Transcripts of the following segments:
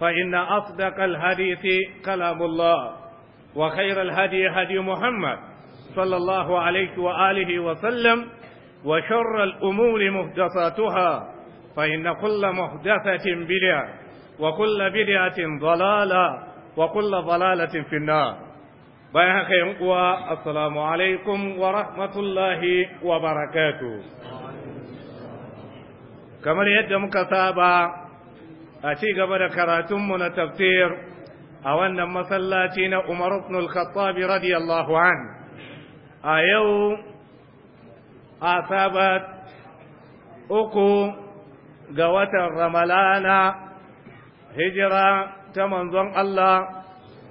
فإن أصدق الحديث كلام الله وخير الهدي هدي محمد صلى الله عليه وآله وسلم وشر الأمور محدثاتها فإن كل محدثة بدعة وكل بدعة ضلالة وكل ضلالة في النار بيحق ينقوى السلام عليكم ورحمة الله وبركاته كما يدمك سابا a ci gaba da karatunmu na tafsir a wannan masallaci na Umar ibn al-Khattab radiyallahu an a yau asabat uku ga watan Ramalana hijira ta manzon Allah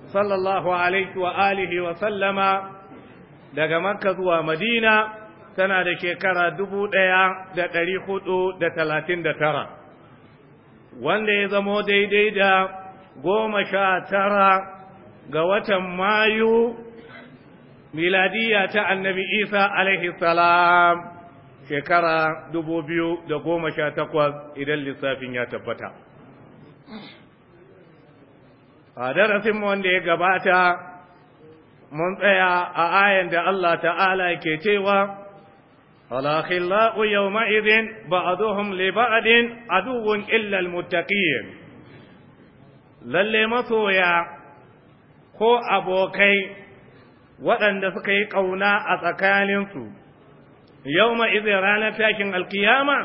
sallallahu alaihi wa alihi wa sallama daga Makka zuwa Madina tana da shekara dubu ɗaya da ɗari hudu da talatin da tara. wanda ya zamo daidai da goma sha tara ga watan mayu miladiya ta annabi isa alaihi salam shekara dubu biyu da goma sha takwas idan lissafin ya tabbata a darasinmu wanda ya gabata mun tsaya a ayan da Allah ta'ala ke cewa الأخلاء يومئذ بعضهم لبعض عدو إلا المتقين lallai masoya ko abokai waɗanda suka yi ƙauna a tsakaninsu yau ma ranar takin alkiyama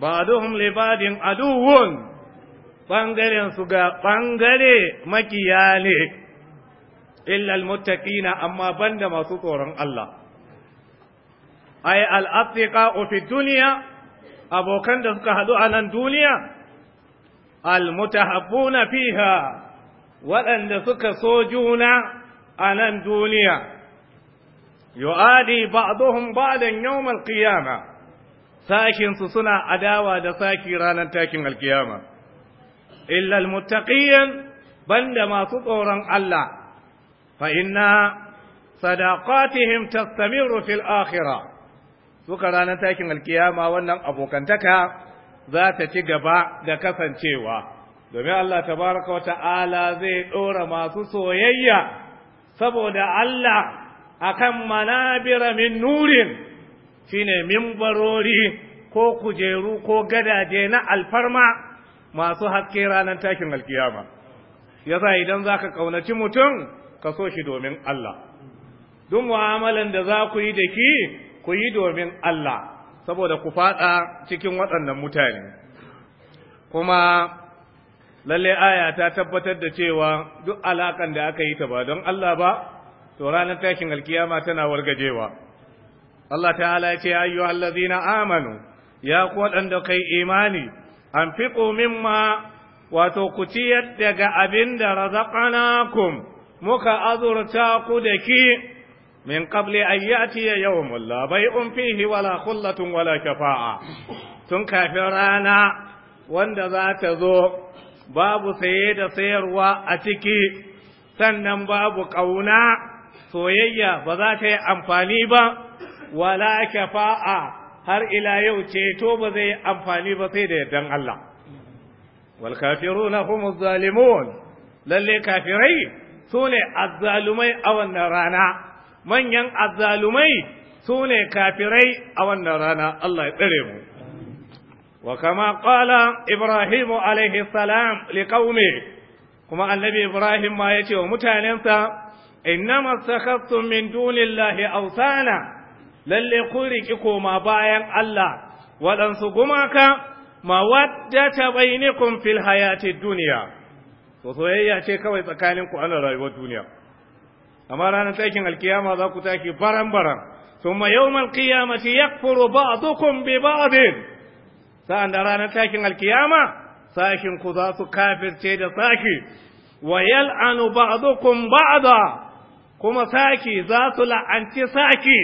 ba aduhun libadin aduwun ɓangarensu ga ɓangare makiya ne illal muttaqina amma banda masu tsoron Allah ay al-athiqa fi duniya abokan da suka haɗu a nan duniya al-mutahabbuna fiha waɗanda suka so juna a nan duniya yu'adi ba'dhum ba'dan yawm al-qiyamah sakin su suna adawa da saki ranar takin alkiyama illa almuttaqiyan banda masu tsoron Allah fa'inna sadakatu sadaqatihim tastamiru fil akhira. suka ranar takin alkiyama wannan abokantaka za ta ci gaba da kasancewa domin Allah tabaraka wa ta'ala zai ɗora masu soyayya saboda Allah akan manabira min nurin shine barori ko kujeru ko gadaje na alfarma masu haske ranar takin alkiyama yasa idan za ka ƙaunaci mutum ka so shi domin Allah duk mu'amalan da za ku yi da ki ku yi domin Allah saboda ku fada cikin waɗannan mutane kuma lalle aya ta tabbatar da cewa duk alaƙan da aka yi ta ba don Allah ba to ranar tashin alkiyama tana wargajewa Allah ta'ala ya ce ayyuhal na amanu ya ku waɗanda kai imani an fiqu ma wato ku ci yadda ga abin da kun muka azurta ku da ki min qabli an ya'tiya yawmun la bay'un fihi wala khullatun wala shafa'a tun kafin rana wanda za ta zo babu saye da sayarwa a ciki sannan babu ƙauna soyayya ba za ta yi amfani ba wala shafa'a har ila yau ceto ba zai yi amfani ba sai da yardan Allah wal kafiruna hum zalimun lalle kafirai sune azzalumai a wannan rana manyan azzalumai su ne kafirai a wannan rana Allah ya tsare mu wa kama qala ibrahim alaihi salam liqaumi kuma annabi ibrahim ma yace wa mutanensa innama sakhattum min dunillahi awsana lalle kun riki koma bayan Allah waɗansu gumaka mawaddata bainakum fil hayati duniya to soyayya ce kawai tsakaninku ana rayuwar duniya amma ranar takin alkiyama za ku tashi baran baran thumma furu ba a ba'dukum bi ba'din sa'an da ranar takin alkiyama sashin ku za su kafirce da sashi wa yal'anu a za. kuma saki za su la'anci saki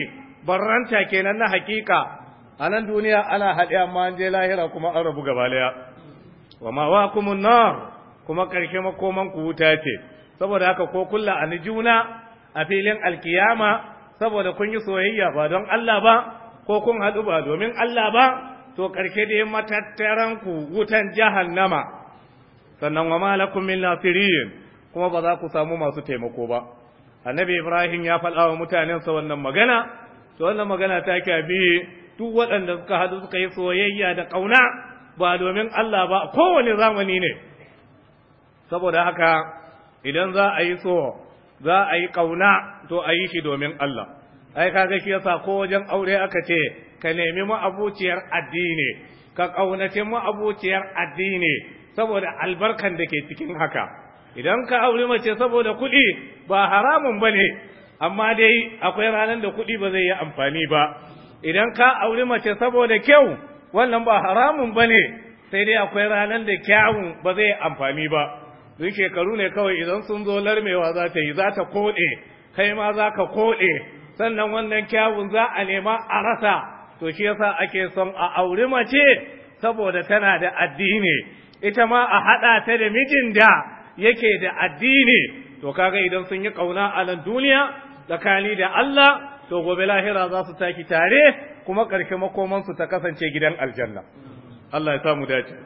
barranta kenan na hakika a nan duniya ana haɗe amma an je lahira kuma an rabu gabaliya wa ma wa kuma nan kuma ƙarshe makoman ku wuta ce saboda haka ko kulla ani juna a filin alkiyama saboda kun yi soyayya ba don Allah ba ko kun haɗu ba domin Allah ba to ƙarshe dai matattaran ku wutan jahannama sannan wa malakum min nasirin kuma ba za ku samu masu taimako ba annabi ibrahim ya faɗa wa mutanensa wannan magana to wannan magana ta kyabi duk waɗanda suka haɗu suka yi soyayya da ƙauna ba domin Allah ba kowane zamani ne saboda haka idan za a yi so za a yi ƙauna to a yi shi domin Allah ai kaga shi yasa ko wajen aure aka ce ka nemi ma'abuciyar addini ka ƙaunace ma'abuciyar addini saboda albarkan da ke cikin haka idan ka aure mace saboda kuɗi ba haramun ba ne amma dai akwai ranar da kuɗi ba zai yi amfani ba idan ka aure mace saboda kyau wannan ba haramun ba ne sai dai akwai ranar da kyawun ba zai yi amfani ba Sun shekaru ne kawai idan sun zo larmewa za ta yi za ta koɗe kai ma za ka koɗe sannan wannan kyawun za a nema a rasa to shi yasa ake son a auri mace saboda tana da addini ita ma a haɗa ta da mijin da yake da addini to kaga idan sun yi ƙauna a nan duniya tsakani da Allah to gobe lahira za su taki tare kuma ƙarshe makomansu ta kasance gidan aljanna Allah ya samu dace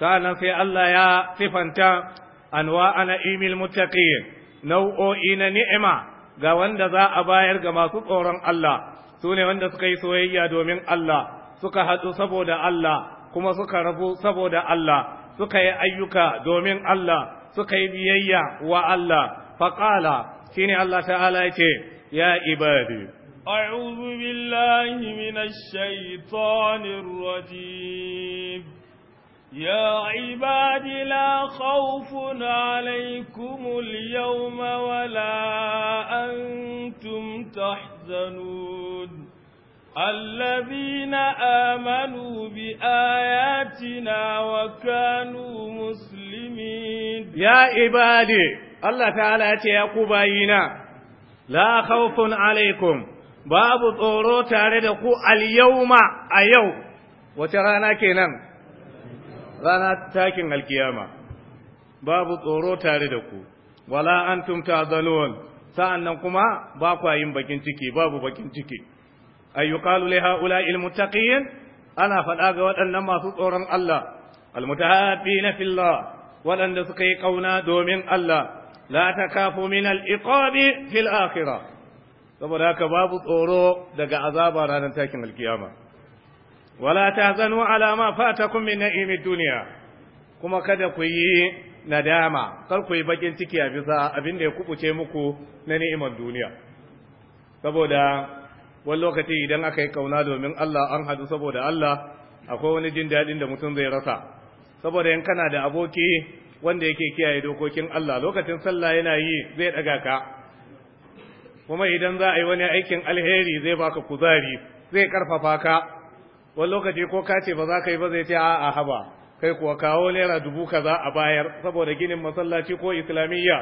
sa'annan sai Allah ya sifanta anwa na imil muttaqin nau'o'i na ni'ima ga wanda za a bayar ga masu tsoron Allah su ne wanda suka yi soyayya domin Allah suka haɗu saboda Allah kuma suka rabu saboda Allah suka yi ayyuka domin Allah suka yi biyayya wa Allah faqala shine Allah ta'ala ce ya ibadi أعوذ بالله من الشيطان الرجيم يا عباد لا خوف عليكم اليوم ولا أنتم تحزنون الذين آمنوا بآياتنا وكانوا مسلمين يا عبادي الله تعالى يقبينا لا خوف عليكم باب طورو تارد اليوم أيو وترانا كنان rana takin alkiyama babu tsoro tare da ku wala antum Sa'an sa'annan kuma ba kwa yin bakin ciki babu bakin ciki ayyuqalu li ha'ula'il muttaqin ana faɗa ga waɗannan masu tsoron Allah na filla waɗanda suka yi ƙauna domin Allah la takafu min al fil akhirah saboda haka babu tsoro daga azaba ranar takin alkiyama wala ta ala ma fatakum min na'imid dunya kuma kada ku yi nadama kar ku yi bakin ciki a bisa abin da ya kubuce muku na ni'imar duniya saboda wani lokaci idan aka yi kauna domin Allah an hadu saboda Allah akwai wani jin daɗin da mutum zai rasa saboda yan kana da aboki wanda yake kiyaye dokokin Allah lokacin sallah yana yi zai ɗaga ka kuma idan za a yi wani aikin alheri zai baka kuzari zai ƙarfafa ka wani lokaci ko ka ce ba za ka yi ba zai ce a'a haba kai kuwa kawo naira dubu kaza a bayar saboda ginin masallaci ko islamiyya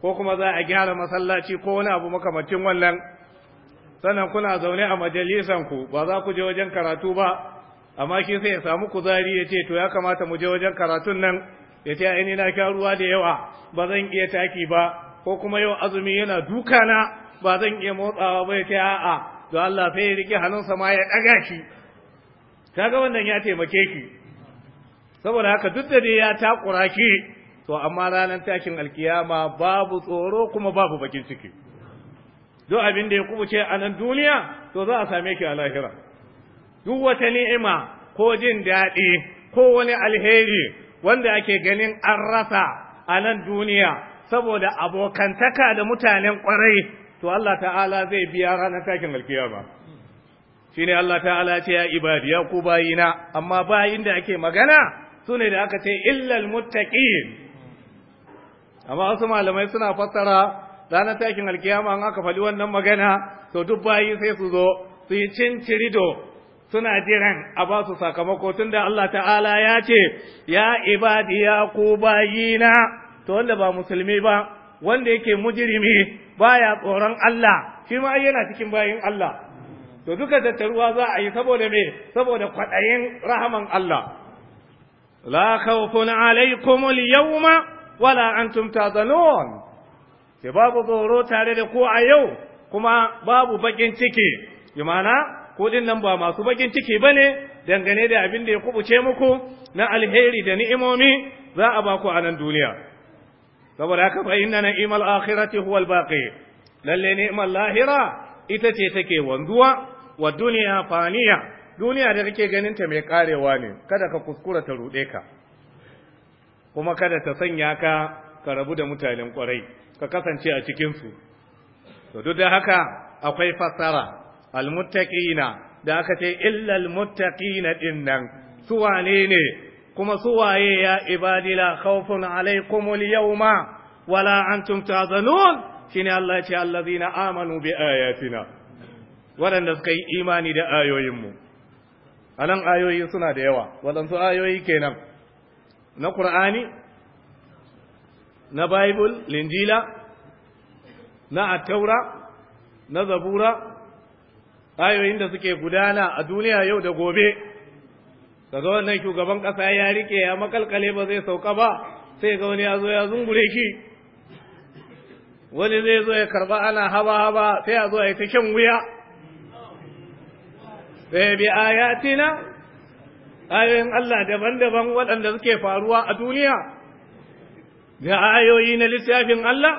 ko kuma za a gyara masallaci ko wani abu makamacin wannan sannan kuna zaune a majalisan ku ba za ku je wajen karatu ba amma shi sai ya samu kuzari ya ce to ya kamata mu je wajen karatun nan ya ce ai na sha ruwa da yawa ba zan iya taki ba ko kuma yau azumi yana dukana ba zan iya motsawa ba ya ce a'a don Allah sai ya rike hannunsa ma ya ɗaga shi kaga wannan ya taimake ki saboda haka duk da dai ya takura ki to amma ranar takin alkiyama babu tsoro kuma babu bakin ciki duk abin da ya kubuce a nan duniya to za a same ki a lahira duk wata ni'ima ko jin daɗi ko wani alheri wanda ake ganin an rasa a nan duniya saboda abokantaka da mutanen ƙwarai to Allah ta'ala zai biya ranar takin alkiyama shine Allah ta'ala ce ya ibadi ya ku bayina amma bayin da ake magana sune da aka ce illal muttaqin amma wasu malamai suna fassara ranar takin alkiyama an aka fali wannan magana to duk bayi sai su zo su yi cincirido suna jiran a ba su sakamako tunda Allah ta'ala ya ce ya ibadi ya ku bayina to wanda ba musulmi ba wanda yake mujrimi baya tsoron Allah shi ma yana cikin bayin Allah to duka tattaruwa za a yi saboda me saboda kwaɗayin rahaman Allah la khawfun alaikum al-yawma wala antum tazalun ke babu tsoro tare da ku a yau kuma babu bakin ciki imana kuɗin din nan ba masu bakin ciki bane dangane da abin da ya kubuce muku na alheri da ni'imomi za a baku a nan duniya saboda haka fa inna na'imal akhirati huwa al-baqi lalle ni'mal lahira ita ce take wanzuwa wa duniya faniya duniya da kake ganin ta mai karewa ne kada ka kuskura ta rude ka kuma kada ta sanya ka ka rabu da mutanen kwarai ka kasance a cikin su to duk da haka akwai fasara almuttaqina da aka ce illa almuttaqina dinnan su wanene ne kuma su waye ya ibadila khawfun alaikumul yawma wala antum tahzanun shine Allah ya ce allazina amanu bi ayatina waɗanda suka yi imani da ayoyinmu a nan ayoyi suna da yawa waɗansu ayoyi kenan na ƙur'ani na bible linjila na attaura na zabura ayoyin da suke gudana a duniya yau da gobe daga wannan shugaban ƙasa ya rike ya makalkale ba zai sauka ba sai ga wani ya zo ya zungure shi wani zai zo ya karba ana haba haba sai a zo a yi ta shan wuya sai eh, bi ayatina ayoyin Allah daban-daban waɗanda suke faruwa a duniya da ayoyi na lissafin Allah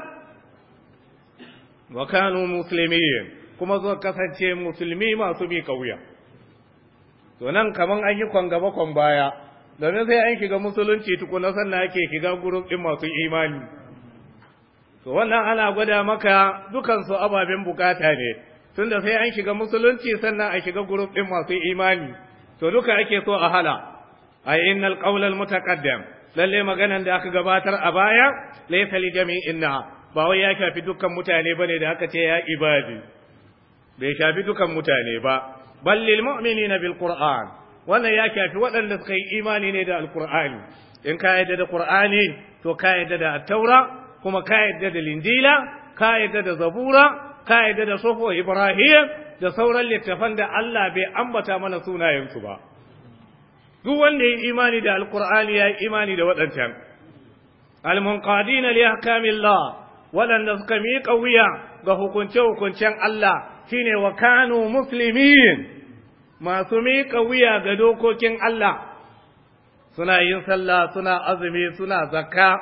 wa kanu muslimin kuma zuwa kasance musulmi masu bi kauya to nan kaman an yi kwan gaba baya domin sai an kiga musulunci tukuna sannan ake kiga gurin din masu imani to wannan ana gwada maka dukansu ababen bukata ne tunda sai an shiga musulunci sannan a shiga guruf din masu imani to duka ake so a hala ay innal qawla al mutaqaddam lalle maganan da aka gabatar a baya laysa li jami'inna ba wai ya shafi dukkan mutane bane da aka ce ya ibadi bai shafi dukkan mutane ba bal lil mu'minina bil qur'an wannan ya shafi waɗanda suka yi imani ne da alqur'ani in ka yadda da qur'ani to ka yadda da Attaura, taura kuma ka yadda da linjila ka yadda da zabura Ka'ida da sofo ibrahim da sauran littafan da Allah bai ambata mana sunayensu ba duk wanda ya imani da alkur'ani ya yi imani da waɗancan almunqadina li ahkamillah waɗanda suka miƙa wuya ga hukunce-hukuncen Allah shine wa kanu muslimin masu miƙa wuya ga dokokin Allah suna yin sallah suna azumi suna zakka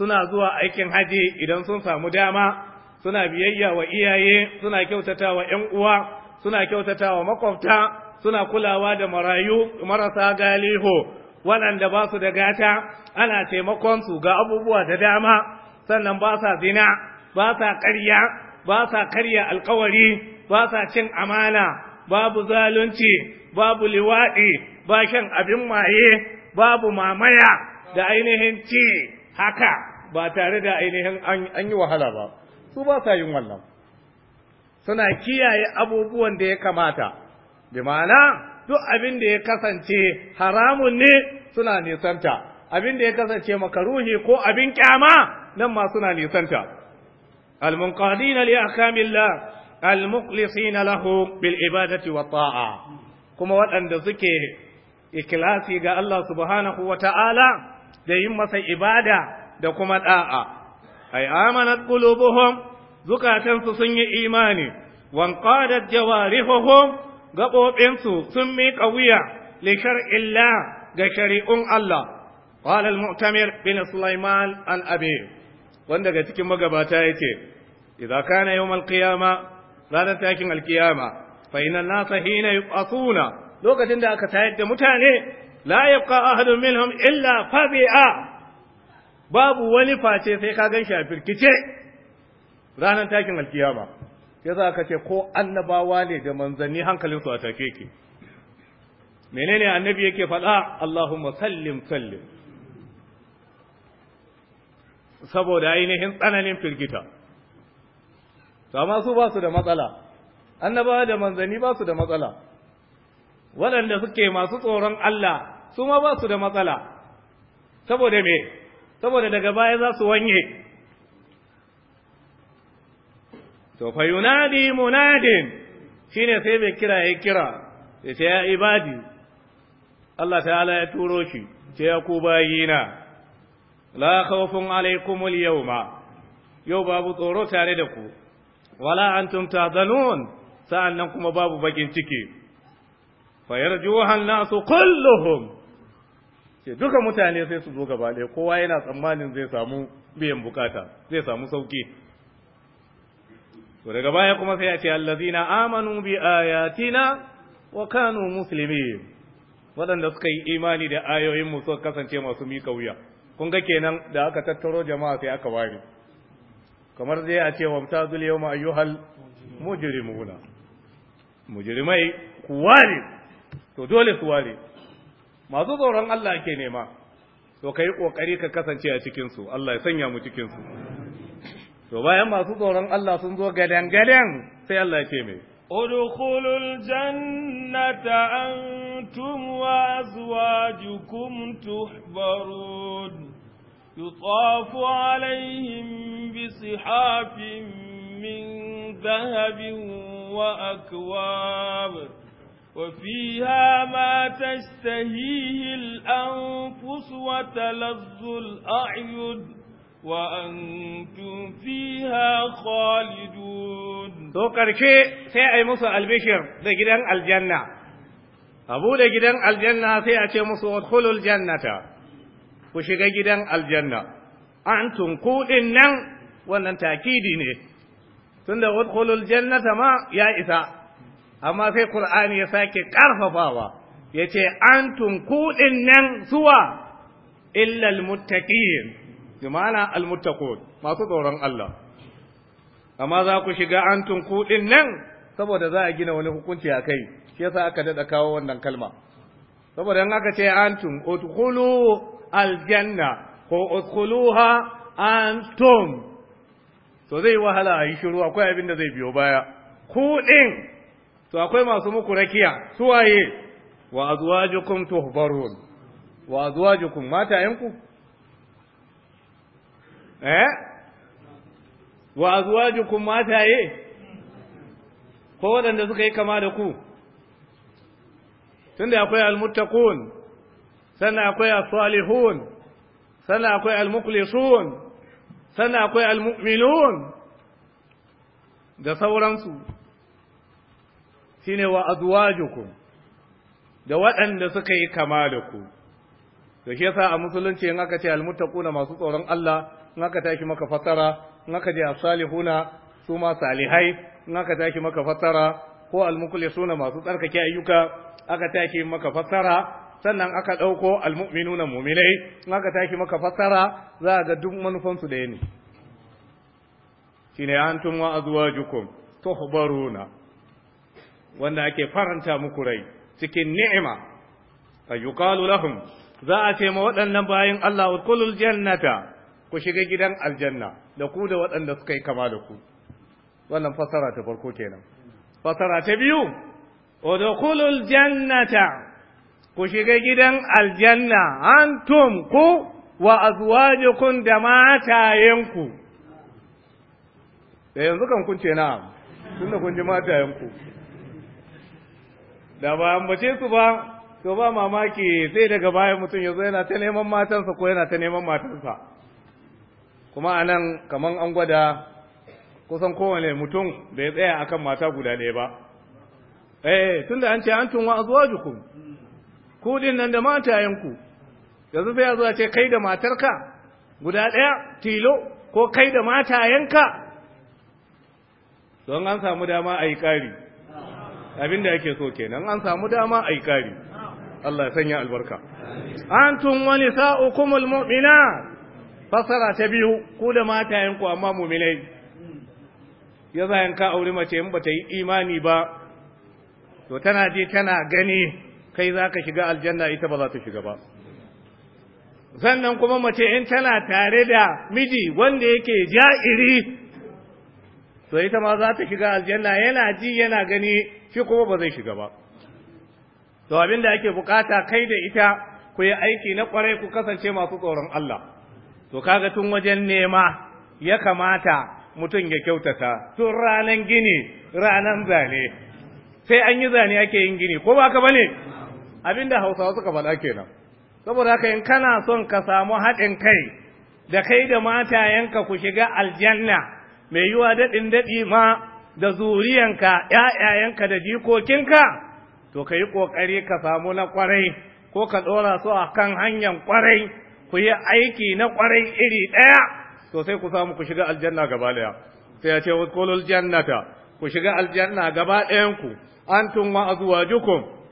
suna zuwa aikin haji idan sun samu dama suna biyayya wa iyaye suna kyautata wa ‘yan uwa suna kyautata wa makwabta suna kulawa da marayu marasa galiho waɗanda ba su da gata ana taimakon su ga abubuwa da dama sannan ba sa zina ba sa ƙarya ba sa karya alkawari ba sa cin amana babu zalunci babu liwaɗi ba shan abin maye babu mamaya da ainihin ci haka ba tare da ainihin an yi wahala ba su ba sa yin wannan suna kiyaye abubuwan da ya kamata bi ma'ana duk abin da ya kasance haramun ne suna nisanta abin da ya kasance makaruhi ko abin kyama nan ma suna nisanta المنقادين لأحكام الله المخلصين له بالعبادة والطاعة Kuma وأن suke ikilasi ga Allah subhanahu wa ta'ala da yin masa ibada da kuma ɗa'a, ay amanat qulubuhum zukatansu sun yi imani da jawarihuhum gabobinsu sun mika wuya li shar'illah ga shari'un Allah qala al-mu'tamir bin Sulaiman al-Abi wanda daga cikin magabata yace idza kana yawm al-qiyama ranar takin al-qiyama fa inna nasa hina yuqatuna lokacin da aka tayar da mutane la yabqa ahadun minhum illa fabi'a babu wani face sai ka gan shi a firkice ranar takin alkiyama ya za ka ce ko annabawa ne da manzanni hankalinsu a tafe ke menene annabi yake faɗa Allahumma sallim sallim saboda ainihin tsananin firgita to amma su ba su da matsala annabawa da manzanni ba su da matsala waɗanda suke masu tsoron Allah su ma ba su da matsala saboda me saboda daga baya za su wanye to fa yunadi munadin shine sai mai kira ya kira ya ce ya ibadi Allah ta'ala ya turo shi ce ya ku bayina la khawfun alaikum al-yawma yau babu tsoro tare da ku wala antum tahzanun nan kuma babu bakin ciki fa yarjuha an-nasu kulluhum ce duka mutane sai su zo gaba ɗaya kowa yana tsammanin zai samu biyan bukata zai samu sauki to daga baya kuma sai ya ce allazina amanu bi ayatina wa kanu muslimin waɗanda suka yi imani da ayoyin mu suka kasance masu mika wuya kun ga kenan da aka tattaro jama'a sai aka ware kamar zai a ce wamta zul yawma ayyuhal mujrimuna mujrimai ku ware to dole su ware masu tsoron Allah ke nema to kai ƙoƙari ka kasance a cikinsu, Allah ya sanya mu cikinsu. to bayan masu tsoron Allah sun zo gadan gadan sai Allah ya ce mai ادخلوا الجنة أنتم وأزواجكم تحبرون يطاف عليهم بصحاف من ذهب وأكواب وفيها ما تشتهيه الأنفس وتلذ الأعين وأنتم فيها خالدون تو كركي سي أي مسو البشر ده جدان الجنة أبو ده جدان الجنة سي أتي مسو ادخلوا الجنة وشيغا جدان الجنة أنتم قولن wannan takidi ne tunda wadkhulul jannata ma ya isa amma sai Kur'ani ya sake karfafawa yace antum kuɗin nan zuwa illa almuttaqin bimana almuttaqun masu tsoron Allah amma za ku shiga antum kuɗin nan saboda za a gina wani hukunci a kai shi yasa aka dada kawo wannan kalma saboda in aka ce antum udkhulu aljanna ko udkhuluha antum to zai wahala a yi shiru akwai abin da zai biyo baya ku to akwai masu muku rakiya suwaye wa azwajukum tuhbarun wa azwajukum yanku eh wa azwajukum mataye ko waɗanda suka yi kama da ku tunda akwai almuttaqun sannan akwai as-salihun sannan akwai al-mukhlisun sannan akwai al-mu'minun da sauransu shine wa azwajukum da waɗanda suka yi kama da ku da shi yasa a musulunci in aka ce almuttaquna masu tsoron Allah in aka tashi maka fassara in aka je as-salihuna su ma salihai in aka tashi maka fassara ko al masu tsarkake ayyuka aka tashi maka fassara sannan aka ɗauko al mu'minai in aka tashi maka fassara za ga duk manufansu da yini shine antum wa azwajukum tuhbaruna wanda ake faranta muku rai cikin ni'ima fa yuqalu lahum za a ce ma waɗannan bayin Allah udkhulul jannata ku shiga gidan aljanna da ku da waɗanda suka yi kama da ku wannan fasara ta farko kenan fasara ta biyu udkhulul jannata ku shiga gidan aljanna antum ku wa azwajukum da matayenku da yanzu kan kun ce na'am tunda kun ji matayenku da ba ambace su ba to ba mamaki sai daga baya mutum ya zo yana ta neman matansa ko yana ta neman matansa kuma a nan kamar an gwada kusan kowane mutum bai tsaya akan mata guda ɗaya ba eh tun da an ce an wa'azuwa azwajukum ku din nan da matayenku yanzu sai ya zo ce kai da matarka guda ɗaya tilo ko kai da matayenka don an samu dama a yi ƙari Abin da yake so kenan an samu dama ai kari Allah ya sanya albarka antum wa nisa'ukumul mu'minat fasara ta biyu ku da matayen ku amma mu'minai ya zayan ka aure mace in ba ta yi imani ba to tana je tana gani kai zaka shiga aljanna ita ba za ta shiga ba sannan kuma mace in tana tare da miji wanda yake ja'iri to ita ma za ta shiga aljanna yana ji yana gani shi kuma ba zai shiga ba to abin da ake bukata kai da ita ku yi aiki na kwarai ku kasance masu tsoron Allah to kaga tun wajen nema ya kamata mutum ya kyautata tun ranan gini ranan zane sai an yi zane ake yin gini ko ba ka ba ne? bane abinda Hausawa suka faɗa kenan saboda haka in kana son ka samu haɗin kai da kai da mata yanka ku shiga aljanna mai yiwa daɗin daɗi ma da zuriyanka ‘ya'yayenka da jikokinka to ka yi ƙoƙari ka samu na ƙwarai ko ka ɗora su a kan hanyar ƙwarai ku yi aiki na ƙwarai iri ɗaya to sai ku samu ku shiga aljanna gaba ɗaya sai ya ce wasu jannata ku shiga aljanna gaba ɗayanku an tun wa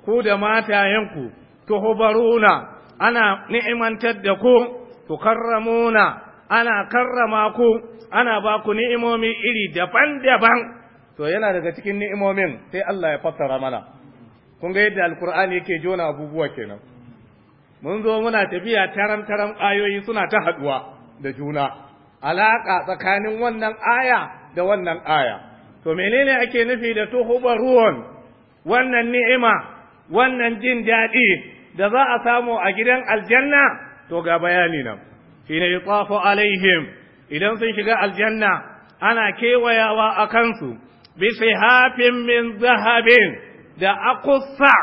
ku da matayenku tuhubaruna ana ni'imantar da ku karramuna. ana karrama ku ana ba ku ni'imomi iri daban-daban to yana daga cikin ni'imomin sai Allah ya fassara mana kun ga yadda alkur'ani yake jona abubuwa kenan mun zo muna tafiya taram taram ayoyi suna ta haduwa da juna alaka tsakanin wannan aya da wannan aya to menene ake nufi da tuhuba ruwan wannan ni'ima wannan jin daɗi da za a samu a gidan aljanna to ga bayani nan shine yutafu alaihim idan sun shiga aljanna ana kewayawa a kansu bisihafin min zahabin da akusa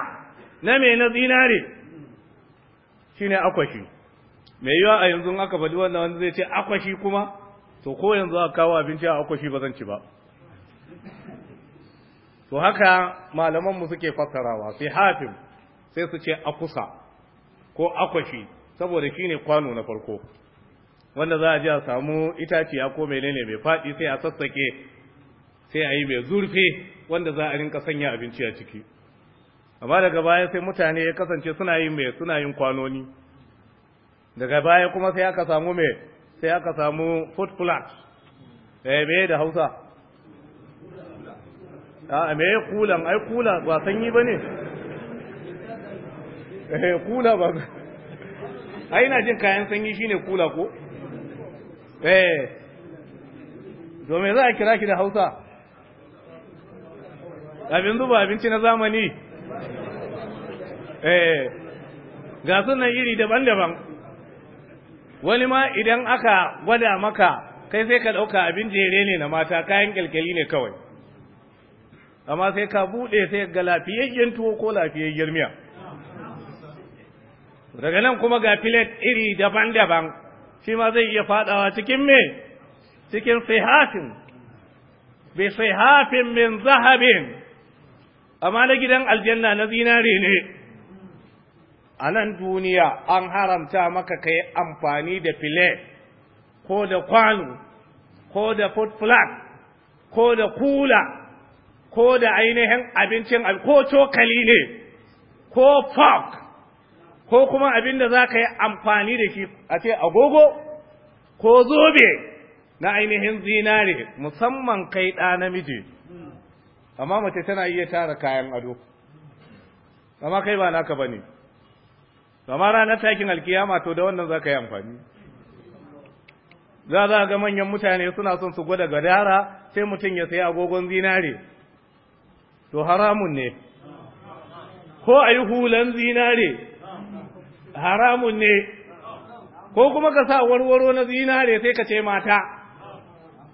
na me na zinare shine akwashi Mai yiwa a yanzu aka faɗi wanda wanda zai ce akwashi kuma to ko yanzu aka kawo abinci a akwashi ba zan ci ba to haka malamanmu suke fassarawa sihafin sai su ce akusa ko akwashi saboda shine kwano na farko wanda za a ji a samu itaciya ko menene mai faɗi sai a sassake sai a yi mai zurfe wanda za a rinka sanya abinci a ciki amma daga baya sai mutane ya kasance suna yin mai suna yin kwanoni daga baya kuma sai aka samu mai sai aka samu food plot eh me da Hausa a ah, me kulan ai kula ba sanyi bane eh kula ba ai ina jin kayan sanyi shine kula ko eh domin za a kira ki da Hausa abin zuba abinci na zamani eh ga sunan iri daban-daban wani ma idan aka gwada maka kai sai ka ɗauka abin jere ne na mata kayan kyalkyali ne kawai amma sai ka buɗe sai ga lafiyayyen tuwo ko lafiyayyen miya daga nan kuma ga filet iri daban-daban shi ma zai iya faɗawa cikin me cikin sihatin bi sihafin min zahabin amma na gidan aljanna na zinare ne a nan duniya an haramta maka ka yi amfani da file ko da kwano ko da food flag ko da kula ko da ainihin abincin ko cokali ne ko fork ko kuma abin da za ka yi amfani da shi a ce agogo ko zobe na ainihin zinare musamman kai ɗa namiji amma mace tana iya tara kayan ado amma kai ba naka bane amma ranar takin alkiyama to da wannan zaka yi amfani za za ga manyan mutane suna son su gwada gadara sai mutum ya sayi agogon zinare to haramun ne ko a yi hulan zinare haramun ne ko kuma ka sa warwaro na zinare sai ka ce mata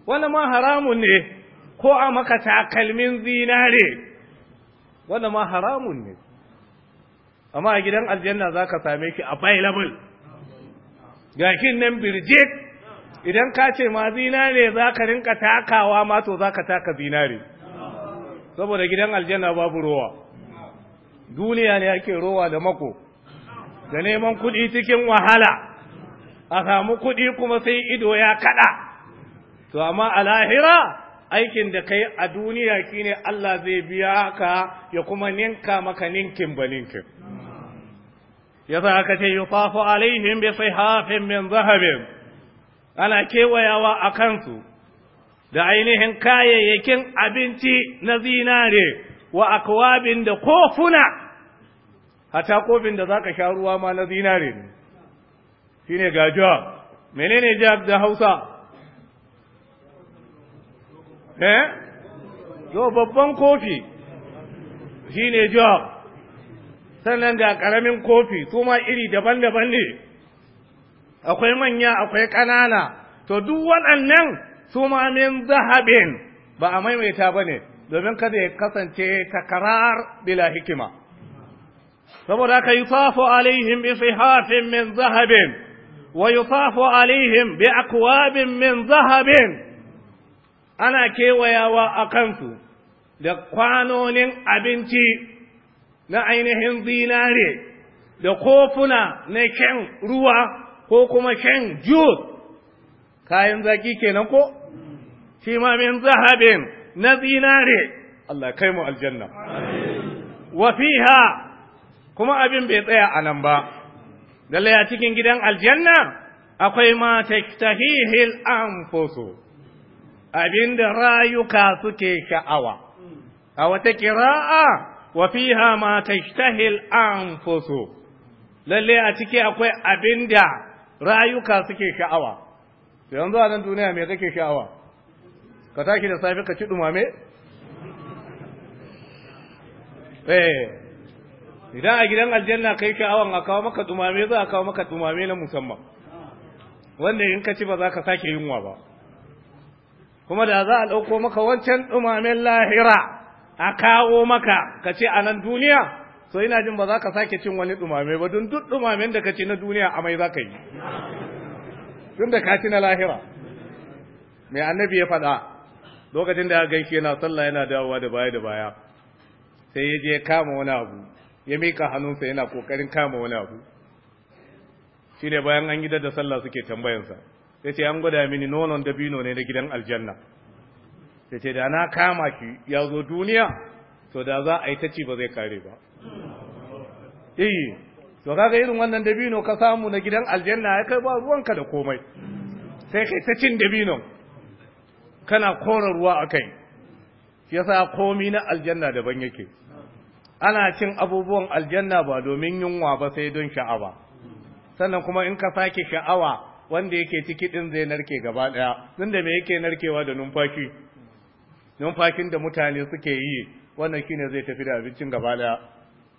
wannan ma haramun ne ko a maka takalmin zinare wannan ma haramun ne amma a gidan aljanna za ka same ki available ga kin nan birjit idan ka ce ma zinare za ka rinka takawa ma to za ka taka zinare saboda gidan aljanna babu rowa duniya ne ake rowa da mako da neman kuɗi cikin wahala a samu kuɗi kuma sai ido ya kaɗa to amma a lahira aikin da kai a duniya shine Allah zai biya ka ya kuma ninka maka ninkin ba ninkin Ya yasa aka ce alaihin alaihim bi sihafin min zahabin ana kewayawa a kansu da ainihin kayayyakin abinci na zinare wa akwabin da kofuna hata kofin da zaka sha ruwa ma na zinare ne shine gajuwa menene jag da Hausa eh yo babban kofi shine job sannan da karamin kofi su ma iri daban-daban ne akwai manya akwai ƙanana to duk waɗannan su ma min zahabin ba a maimaita ba ne domin kada ya kasance takarar bila hikima saboda ka yi alaihim bi sihafin min zahabin wa yi alaihim bi akwabin min zahabin ana kewayawa a kansu da kwanonin abinci na ainihin zinare da kofuna na kyan ruwa ko kuma kyan jus kayan zaki kenan ko shi ma zahabin na zinare Allah kai mu aljanna wa fiha kuma abin bai tsaya a nan ba lalle a cikin gidan aljanna akwai ma tahtahihil anfusu abinda rayuka suke sha'awa a wata kira'a wa fiha ma tashtahil anfusu lalle a ciki akwai abinda rayuka suke sha'awa to yanzu a nan duniya me kake sha'awa ka tashi da safe ka ci dumame eh idan a gidan aljanna kai sha'awan a kawo maka dumame za a kawo maka dumame na musamman wanda in ka ci ba za ka sake yunwa ba kuma da za a ɗauko maka wancan ɗumamen lahira a kawo maka ka ce a nan duniya so ina jin ba za ka sake cin wani ɗumame ba don duk ɗumamen da ka ci na duniya amai za ka yi tun da ka ci na lahira mai annabi ya faɗa lokacin da ya ganke na, sallah yana dawowa da baya da baya sai ya je ya kama wani abu ya miƙa hannunsa yana ƙoƙarin kama wani abu shi ne bayan an gidar da sallah suke tambayansa Sai ce an gwada mini nonon dabino ne na gidan aljanna Sai ce da na kama ki ya zo duniya to da za a yi ta ci ba zai kare ba E, to kaga irin wannan dabino ka samu na gidan aljanna ya kai ba ruwanka da komai sai kai ta cin dabino kana kora ruwa a kai shi yasa komi na aljanna daban yake ana cin abubuwan aljanna ba domin yunwa ba sai don sha'awa sannan kuma in ka sake sha'awa wanda yake ciki din zai narke gaba daya tunda me yake narkewa da numfashi numfashin da mutane suke yi wannan shine zai tafi da abincin gaba daya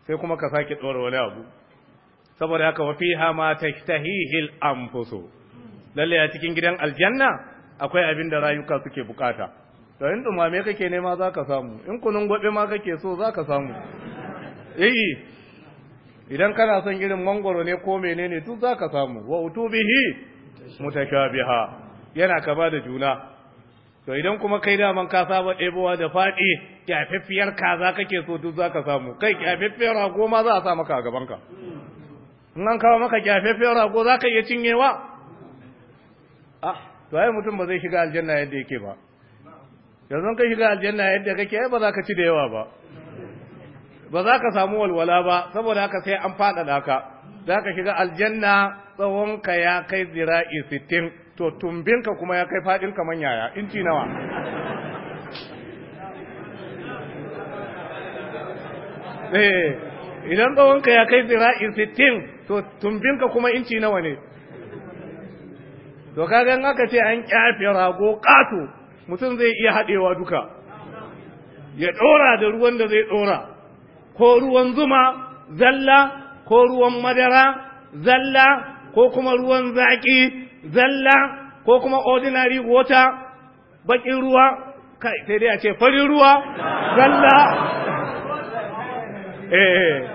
sai kuma ka sake dora wani abu saboda haka wa fiha ma tashtahihi al-anfusu lalle a cikin gidan aljanna akwai abin da rayuka suke bukata to in dumame kake nema zaka samu in kunun gobe ma kake so zaka samu eh idan kana son irin mangoro ne ko menene tun zaka samu wa utubihi mutashabiha yana ba da juna to idan kuma kai man ka saba ɗebowa da faɗi za kaza ke so duk ka samu kai kyafaffiyar rago ma za a sa maka a gaban ka in an kawo maka kyafaffiyar rago ka iya cinyewa ah to ai mutum ba zai shiga aljanna yadda yake ba yanzu ka shiga aljanna yadda kake ai ba za ka ci da yawa ba ba za ka samu walwala ba saboda haka sai an faɗaɗa ka za ka shiga aljanna tsawonka ya kai zira'i sittin to tumbinka kuma ya kai faɗin kaman yaya inci nawa eh idan tsawonka ya kai zira'i sittin to tumbinka kuma inci nawa ne to kaga aka ce an kyafe rago ƙato mutum zai iya haɗewa duka ya ɗora da ruwan da zai ɗora ko ruwan zuma zalla ko ruwan madara zalla ko kuma ruwan zaƙi zalla ko kuma ordinary water baƙin ruwa kai sai dai a ce farin ruwa zalla eh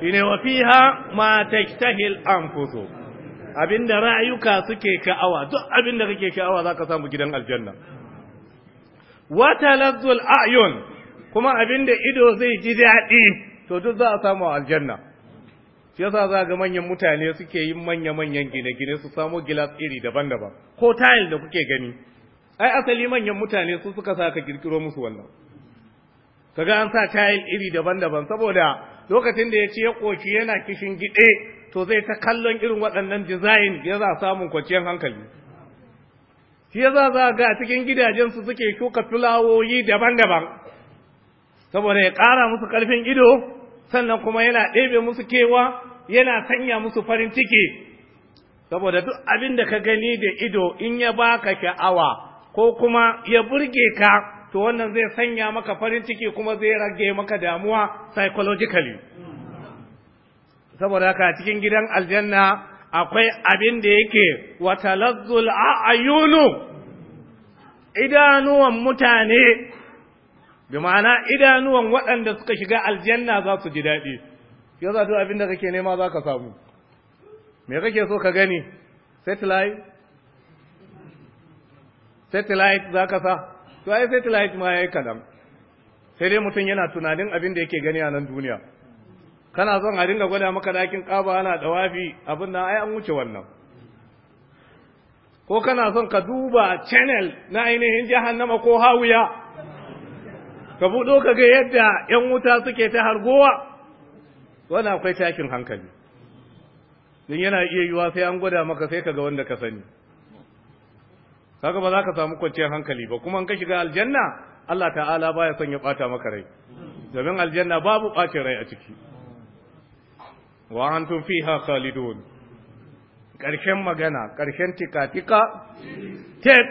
shine wa fiha ma tajtahil anfusu abinda rayuka suke ka'awa duk abinda kake ka'awa zaka samu gidan aljanna wa talazzul a'yun kuma abinda ido zai ji daɗi to duk za a samu aljanna shi yasa za ga manyan mutane suke yin manya-manyan gine-gine su samo gilas iri daban-daban ko tayil da kuke gani ai asali manyan mutane su suka saka ka kirkiro musu wannan kaga an sa tayil iri daban-daban saboda lokacin da ya ce ya koki yana kishin gide to zai ta kallon irin waɗannan design ya za samun kwanciyar hankali shi yasa za ga cikin gidajen su suke shuka fulawoyi daban-daban saboda ya ƙara musu ƙarfin ido sannan kuma yana ɗebe musu kewa yana sanya musu farin ciki saboda duk abin da ka gani da ido in ya baka sha'awa ko kuma ya burge ka to wannan zai sanya maka farin ciki kuma zai rage maka damuwa psychologically saboda haka cikin gidan aljanna akwai abin da yake watalazzul a'yunu idanuwan mutane bi ma'ana idanuwan waɗanda suka shiga aljanna za su ji daɗi ya za duk abinda kake nema za ka samu me kake so ka gani satellite satellite za ka sa to ai satellite ma ya yi kadan sai dai mutum yana tunanin abinda yake gani a nan duniya kana son a dinga gwada maka dakin ƙaba ana dawafi abin nan ai an wuce wannan ko kana son ka duba channel na ainihin jahannama ko hawuya ka buɗo ka ga yadda 'yan wuta suke ta hargowa Wani akwai takin hankali din yana iya yiwa sai an gwada maka sai ka ga wanda ka sani kaga ba za ka samu kwanciyar hankali ba kuma an ka shiga aljanna Allah ta'ala baya son ya bata maka rai domin aljanna babu bacin rai a ciki wa antum fiha khalidun karshen magana karshen tika-tika tet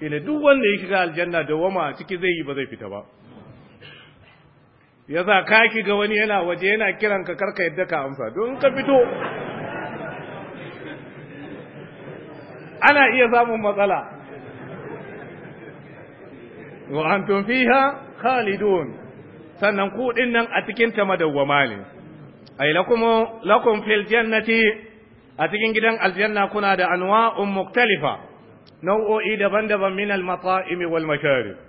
ila duk wanda ya shiga aljanna da wama ciki zai yi ba zai fita ba Ya za ka ki ga wani yana waje yana kiran ka karka yadda ka amsa don ka fito ana iya samun matsala wa antum fiha khalidun sannan ku din nan a cikin ta madawwama ne ay lakum lakum fil jannati a cikin gidan aljanna kuna da anwa'un muktalifa nau'o'i daban-daban min al-mata'im wal masharib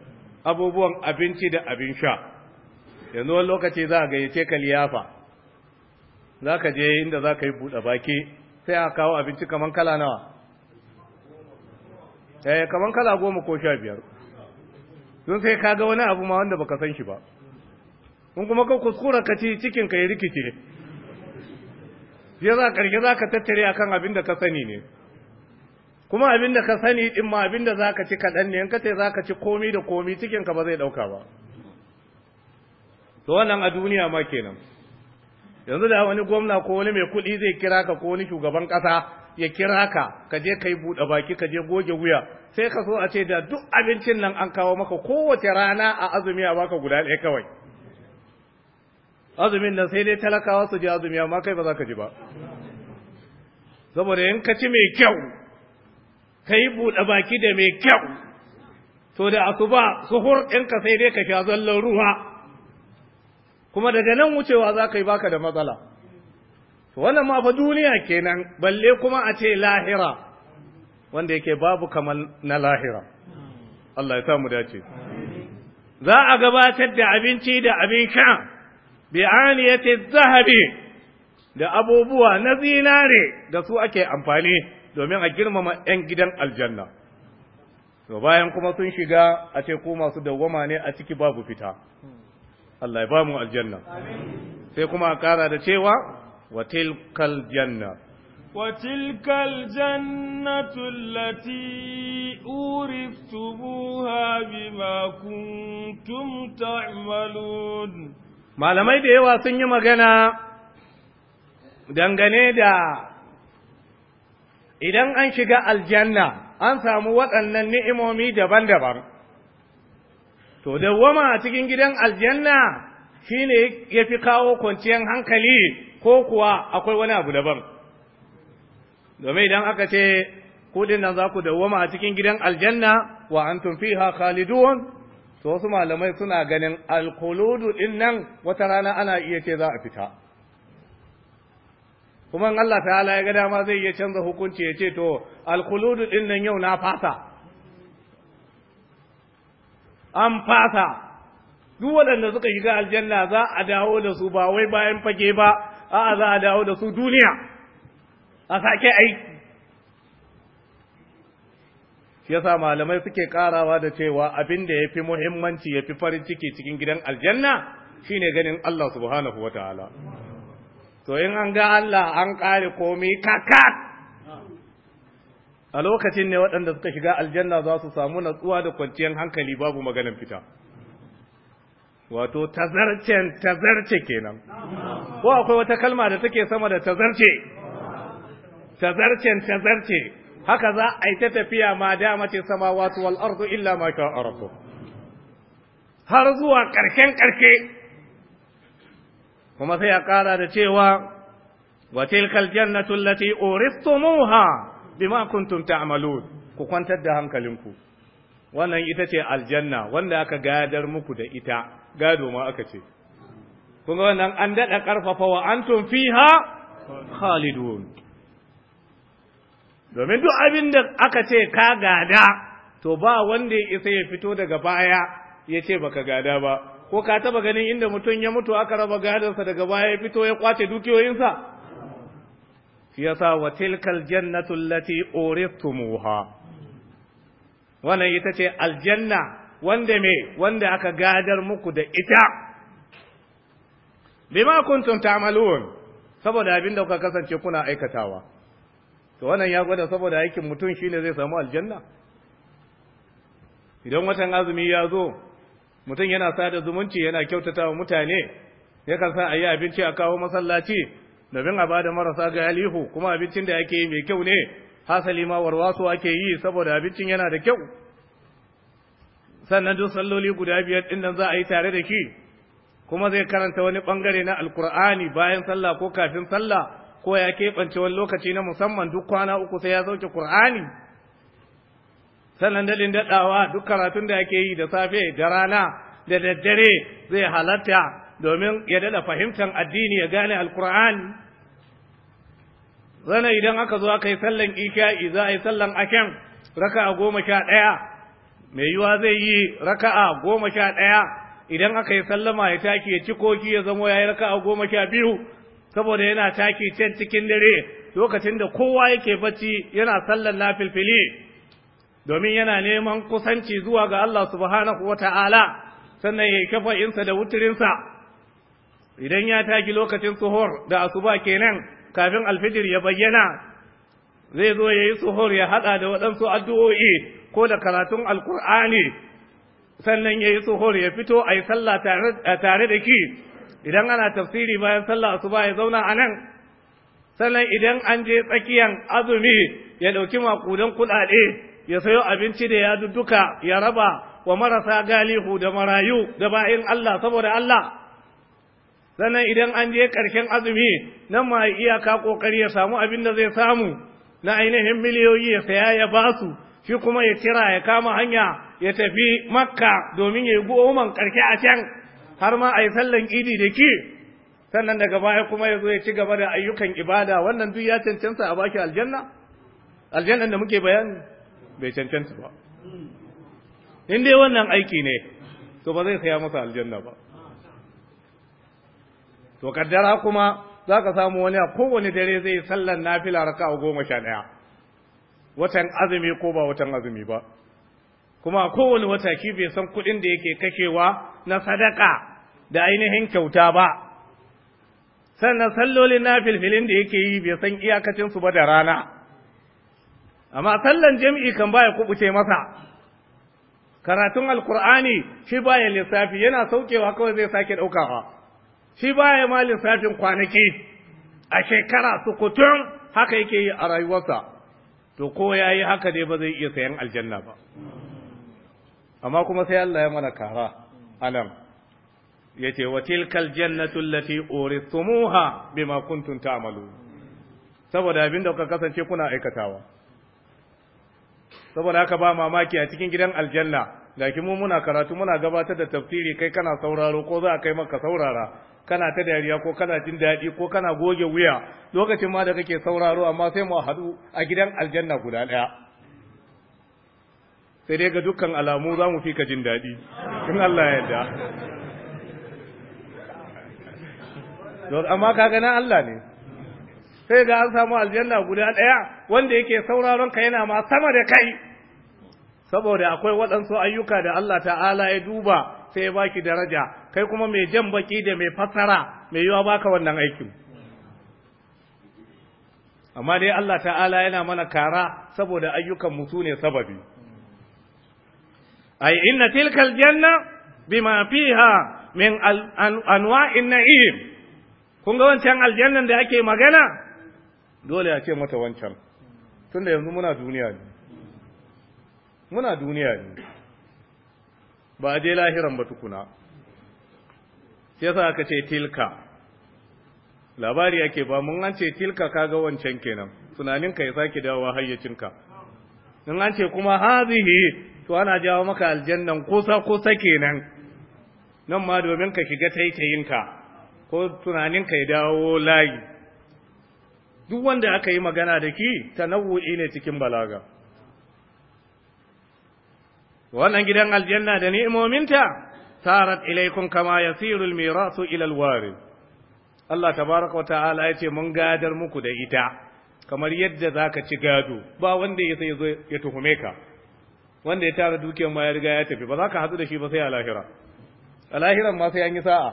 abubuwan abinci da abin sha yanzu wani lokaci za a gayyace ka liyafa za ka je inda za ka yi buɗe baki sai a kawo abinci kaman kala nawa eh kaman kala goma ko sha biyar don sai ka ga wani abu ma wanda baka san shi ba kun kuma ka kuskura ka ci cikin ka ya rikice ya za karshe za ka tattare akan abin da ka sani ne kuma abin da ka sani din ma abin da za ka ci kaɗan ne in ka ce za ka ci komi da komi cikin ka ba zai ɗauka ba to wannan a duniya ma kenan yanzu da wani gwamna ko wani mai kuɗi zai kira ka ko wani shugaban ƙasa ya kira ka ka je kai buɗe baki ka je goge wuya sai ka so a ce da duk abincin nan an kawo maka kowace rana a azumi a baka guda ɗaya kawai azumin nan sai dai talakawa su ji azumi amma kai ba za ka ji ba saboda in ka ci mai kyau ka yi buɗe baki da mai kyau to da asuba suhur ɗinka sai dai ka sha zallan ruwa kuma daga nan wucewa za ka yi baka da matsala wannan ma fa duniya kenan balle kuma a ce lahira wanda yake babu kamar na lahira Allah ya samu dace za a gabatar da abinci da abin sha bi aniyati zahabi da abubuwa na zinare da su ake amfani domin a girmama 'yan gidan aljanna to bayan kuma sun shiga a ce ko masu dawwama ne a ciki babu fita Allah ya aljanna sai kuma a ƙara da cewa wa tilkal janna wa tilkal jannatu allati uriftumuha bima kuntum ta'malun malamai da yawa sun yi magana dangane da idan an shiga aljanna an samu waɗannan ni'imomi daban-daban to dawwama a cikin gidan aljanna shine yafi kawo kwanciyar hankali ko kuwa akwai wani abu daban domin idan aka ce kudin nan za ku dawwama a cikin gidan aljanna wa antum fiha khalidun to wasu malamai suna ganin alkuludu din nan wata rana ana iya ce za a fita kuma Allah ta'ala ya ga dama zai iya canza hukunci ya ce to alkuludu din nan yau na fata an fasa duk waɗanda suka shiga aljanna za a dawo da su ba wai bayan fage ba a'a za a dawo da su duniya a sake aiki shi yasa malamai suke karawa da cewa abin da fi muhimmanci ya fi farin ciki cikin gidan aljanna shine ganin Allah subhanahu ta'ala to in an ga Allah an kare komai kakak a lokacin ne waɗanda suka shiga aljanna za su samu natsuwa da kwanciyar hankali babu maganin fita wato tazarcen tazarce kenan ko akwai wata kalma da take sama da tazarce tazarcen tazarce haka za a yi ta tafiya ma dama ce sama wato al'arzu illa ma sha har zuwa ƙarshen ƙarshe kuma sai a ƙara da cewa wa tilkal jannatu allati uristumuha bima kuntum ta'malun ku kwantar da hankalinku wannan ita ce aljanna wanda aka gadar muku da ita gado ma aka ce kun ga wannan an daɗa karfafa wa antum fiha khalidun domin duk abin da aka ce ka gada to ba wanda ya isa ya fito daga baya ya ce baka gada ba ko ka taba ganin inda mutum ya mutu aka raba gadarsa daga baya ya fito ya kwace dukiyoyinsa shi yasa wa tilkal jannatu allati uritumuha wannan ita ce aljanna wanda me wanda aka gadar muku da ita bima kuntum ta'malun saboda abin kuka kasance kuna aikatawa to wannan ya gwada saboda aikin mutum shine zai samu aljanna idan watan azumi ya zo mutum yana sada zumunci yana kyautata wa mutane yakan sa a yi abinci a kawo masallaci domin a bada marasa galihu kuma abincin da ake yi mai kyau ne hasali ma warwaso ake yi saboda abincin yana da kyau sannan duk salloli guda biyar din nan za a yi tare da ki kuma zai karanta wani bangare na alkur'ani bayan sallah ko kafin sallah ko ya keɓance wani lokaci na musamman duk kwana uku sai ya sauke qur'ani sannan dalin daɗawa duk karatun da ake yi da safe da rana da daddare zai halatta domin ya daɗa fahimtar addini ya gane alkur'ani zana idan aka zo aka yi sallan isha'i za a yi sallan aken, raka'a goma sha ɗaya mai yiwa zai yi raka'a goma sha ɗaya idan aka yi sallama ya taki ya ci koki ya zamo ya yi raka'a goma sha biyu saboda yana taki can cikin dare lokacin da kowa yake bacci yana sallan lafilfili domin yana neman kusanci zuwa ga Allah subhanahu wa sannan ya yi insa da wuturinsa idan ya taki lokacin suhur da asuba kenan kafin alfijir ya bayyana zai zo ya yi suhur ya haɗa da waɗansu addu'o'i ko da karatun alkur'ani sannan ya yi suhur ya fito a yi sallah tare da ki idan ana tafsiri bayan sallah su ba ya zauna anan. nan sannan idan an je tsakiyan azumi ya ɗauki makudan kuɗaɗe ya sayo abinci da ya dudduka ya raba wa marasa galihu da marayu da bayin Allah saboda Allah sannan idan an je ƙarshen azumi nan ma iyaka ƙoƙari ya samu abin da zai samu na ainihin miliyoyi ya saya ya basu shi kuma ya kira ya kama hanya ya tafi makka domin ya yi goman ƙarshe a can har ma a yi sallan idi da ke sannan daga baya kuma ya zo ya ci gaba da ayyukan ibada wannan duk ya cancanta a baki aljanna aljannan da muke bayani bai cancanta ba in dai wannan aiki ne to ba zai saya masa aljanna ba to kaddara kuma za ka samu wani a kowane dare zai sallan nafila raka a goma sha ɗaya watan azumi ko ba watan azumi ba kuma a kowane wata ki bai san kuɗin da yake kashewa na sadaka da ainihin kyauta ba sannan sallolin na filfilin da yake yi bai san iyakacinsu ba da rana amma sallan jam'i kan baya kubuce masa karatun alkur'ani shi baya lissafi yana saukewa kawai zai sake ɗaukawa shi baya ma lissafin kwanaki a shekara sukutun haka yake yi a rayuwarsa to ko ya yi haka dai ba zai iya sayan aljanna ba amma kuma sai Allah ya mana kara alam ya ce wa tilkal jannatu allati uristumuha bima kuntum ta'malu saboda abinda kuka kasance kuna aikatawa saboda haka ba mamaki a cikin gidan aljanna da mu muna karatu muna gabatar da tafsiri kai kana sauraro ko za a kai maka saurara kana ta dariya ko kana jin daɗi ko kana goge wuya lokacin ma da kake sauraro amma sai mu haɗu a gidan aljanna guda ɗaya sai dai ga dukkan alamu za mu fi ka jin daɗi in Allah ya yarda amma kaga na Allah ne sai ga an samu aljanna guda ɗaya wanda yake sauraron ka yana ma sama da kai saboda akwai waɗansu ayyuka da Allah ta'ala ya duba sai ya baki daraja kai kuma mai jan baki da mai fassara mai yiwa baka wannan aikin amma dai Allah ta'ala yana mana kara saboda ayyukan mutu ne sababi ay inna tilkal janna bima fiha min anwa'in na'im kun ga wancan aljannan da ake magana dole a ce mata wancan tunda yanzu muna duniya ne muna duniya ne ba a je lahiran ba tukuna shi yasa aka ce tilka labari yake ba mun an ce tilka kaga wancan kenan tunanin ka ya sake dawowa hayyacinka in an ce kuma hazihi to ana jawo maka aljanna kusa kusa kenan nan ma domin ka shiga taitayinka ko tunanin ka ya dawo layi duk wanda aka yi magana da ki tanawu'i ne cikin balaga wannan gidan aljanna da ni'imominta sarat ilaikum kama yasiru almirasu ila alwarith Allah tabaaraka wa ta'ala yace mun gadar muku da ita kamar yadda zaka ci gado ba wanda ya sai zo ya tuhume ka wanda ya tara dukiyar ma ya riga ya tafi ba za ka hadu da shi ba sai a lahira a lahiran ma sai an yi sa'a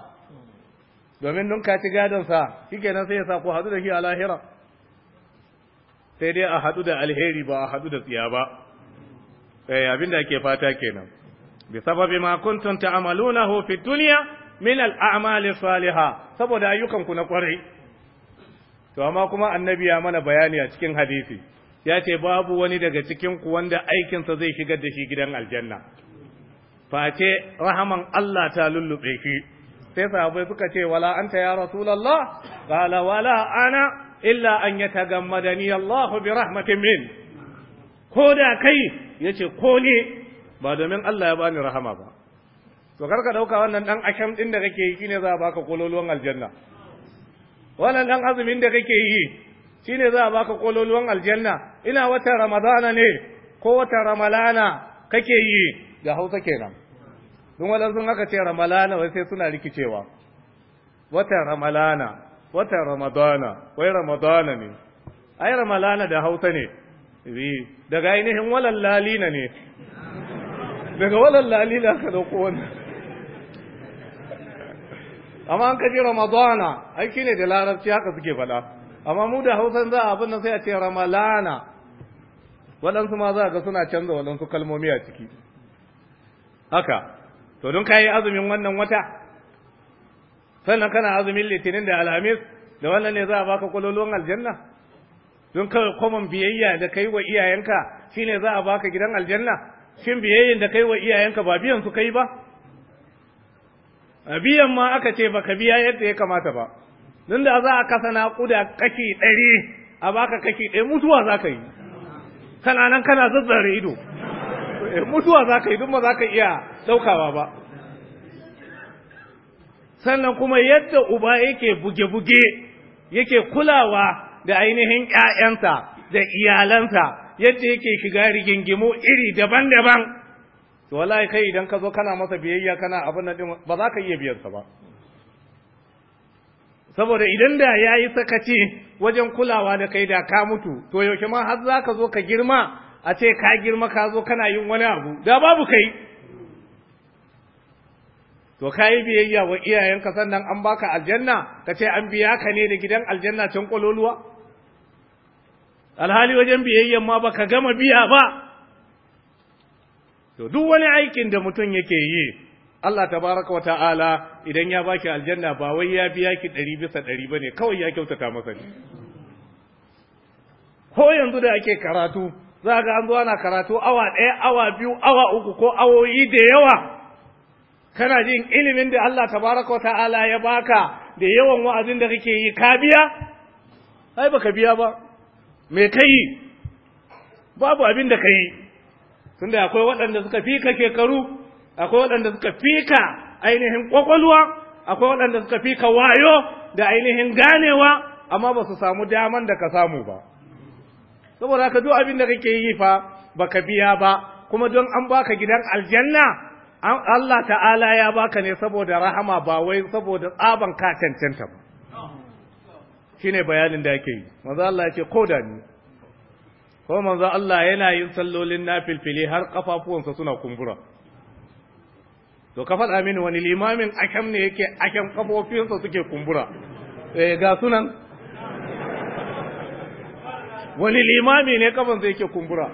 domin nun ka ci gadon sa nan sai ya sa ku hadu da shi a lahira sai dai a hadu da alheri ba a hadu da tsiya ba eh abinda ake fata kenan bisababi ma kuntum ta'malunahu fi dunya min al-a'mali saboda ayyukan ku na kwarai to amma kuma annabi ya mana bayani a cikin hadisi ya babu wani daga cikin ku wanda aikinsa zai shigar da shi gidan aljanna face rahaman Allah ta lullube shi sai sahabbai suka ce wala anta ya rasulullah qala wala ana illa an yatagammadani Allah bi rahmatin min ko da kai yace ko ne ba domin Allah ya bani rahama ba to karka dauka wannan dan akam din da kake yi shine za a baka kololuwan aljanna wannan dan azumin da kake yi shine za a baka kololuwan aljanna ina wata ramadana ne ko wata ramalana kake yi da Hausa kenan dun wala sun aka ce ramalana wai sai suna rikicewa wata ramalana wata ramadana wai ramadana ne ai ramalana da Hausa ne daga ainihin walallalina ne daga wannan lalila ka dauko wannan amma an kaji ramadana ai ne da larabci haka suke fada amma mu da hausan za a abin nan sai a ce ramalana waɗansu ma za ga suna canza waɗansu kalmomi a ciki haka to don kayi azumin wannan wata sannan kana azumin litinin da alhamis da wannan ne za a baka kwalolon aljanna don kawai kwamon biyayya da kai wa iyayenka ne za a baka gidan aljanna shin biyayyen da kai wa iyayenka ba biyan su kai ba a biyan ma aka ce baka biya yadda ya kamata ba don da za a kasa naƙuda kashi ɗari a baka kashi ɗaya mutuwa za ka yi kana nan kana zazzare ido eh, mutuwa za ka yi duk ba za ka iya ɗaukawa ba sannan kuma yadda uba yake buge-buge yake kulawa da ainihin ‘ya'yansa da iyalansa yadda yake shiga rigingimu iri daban-daban to wallahi kai idan ka zo kana masa biyayya kana abin nan ba za ka iya biyarsa ba saboda idan da ya yi sakaci wajen kulawa da kai da ka mutu to yaushe ma har za ka zo ka girma a ce ka girma ka zo kana yin wani abu da babu kai to ka yi biyayya wa iyayenka sannan an baka aljanna ka ce an biya ka ne da gidan aljanna can kwaloluwa alhali wajen biyayyan ma baka gama biya ba to duk wani aikin da mutum yake yi Allah tabaraka wa ta'ala idan ya baki aljanna ba wai ya biya ki ɗari bisa ɗari ba kawai ya kyautata masa ne ko yanzu da ake karatu za ga an zo ana karatu awa ɗaya awa biyu awa uku ko awoyi da yawa kana jin ilimin da Allah tabaraka wa ta'ala ya baka da yawan wa'azin da kake yi ka biya ai baka biya ba me ka yi babu abin da ka yi tunda akwai waɗanda suka fika ka shekaru akwai waɗanda suka fika ainihin ƙwaƙwalwa akwai waɗanda suka fi ka wayo da ainihin ganewa amma ba su samu daman da ka samu ba saboda ka duk abin da kake yi fa ba ka biya ba kuma don an baka gidan aljanna Allah ta'ala ya baka ne saboda rahama ba wai saboda tsaban ka ba shine bayanin da ake yi manzo Allah ya ce ko da ni ko manzo Allah yana yin sallolin nafilfili har kafafuwansa suna kumbura to ka faɗa mini wani limamin akam ne yake akam kafofinsa suke kumbura eh ga sunan wani limami ne kafansa yake kumbura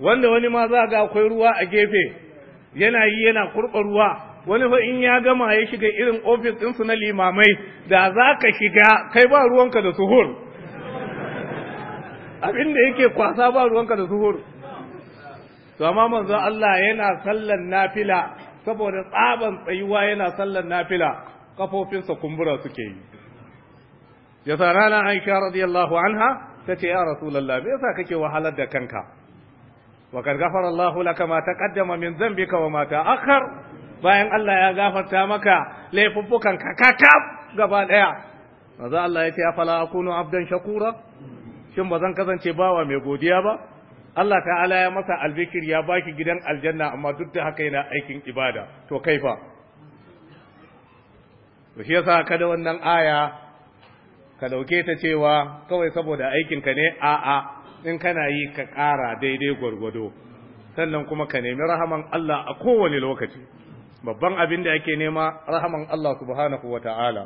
wanda wani ma za ga akwai ruwa a gefe yana yi yana kurɓa ruwa wani fa in ya gama ya shiga irin ofis ɗinsu na limamai da za ka shiga kai ba ruwanka da suhur abin da yake kwasa ba ruwanka da suhur to amma manzo Allah yana sallan nafila saboda tsaban tsayuwa yana sallan nafila kafofinsa kumbura suke yi ya sa rana aisha radiyallahu anha ta ce ya rasulallah me yasa kake wahalar da kanka wa kad ghafara Allahu laka ma taqaddama min dhanbika wa ma ta'akhkhar bayan Allah ya gafarta maka laifuffukan ka gaba ɗaya, maza Allah ya ce a akunu abdan shakura shin zan kasance bawa mai godiya ba Allah ta'ala ya masa albikir ya baki gidan aljanna amma duk da haka yana aikin ibada to kaifa to shi yasa kada wannan aya ka dauke ta cewa kawai saboda aikin ka ne a'a in kana yi ka ƙara daidai gwargwado sannan kuma ka nemi rahaman Allah a kowane lokaci babban abin da yake nema rahaman Allah subhanahu ta'ala.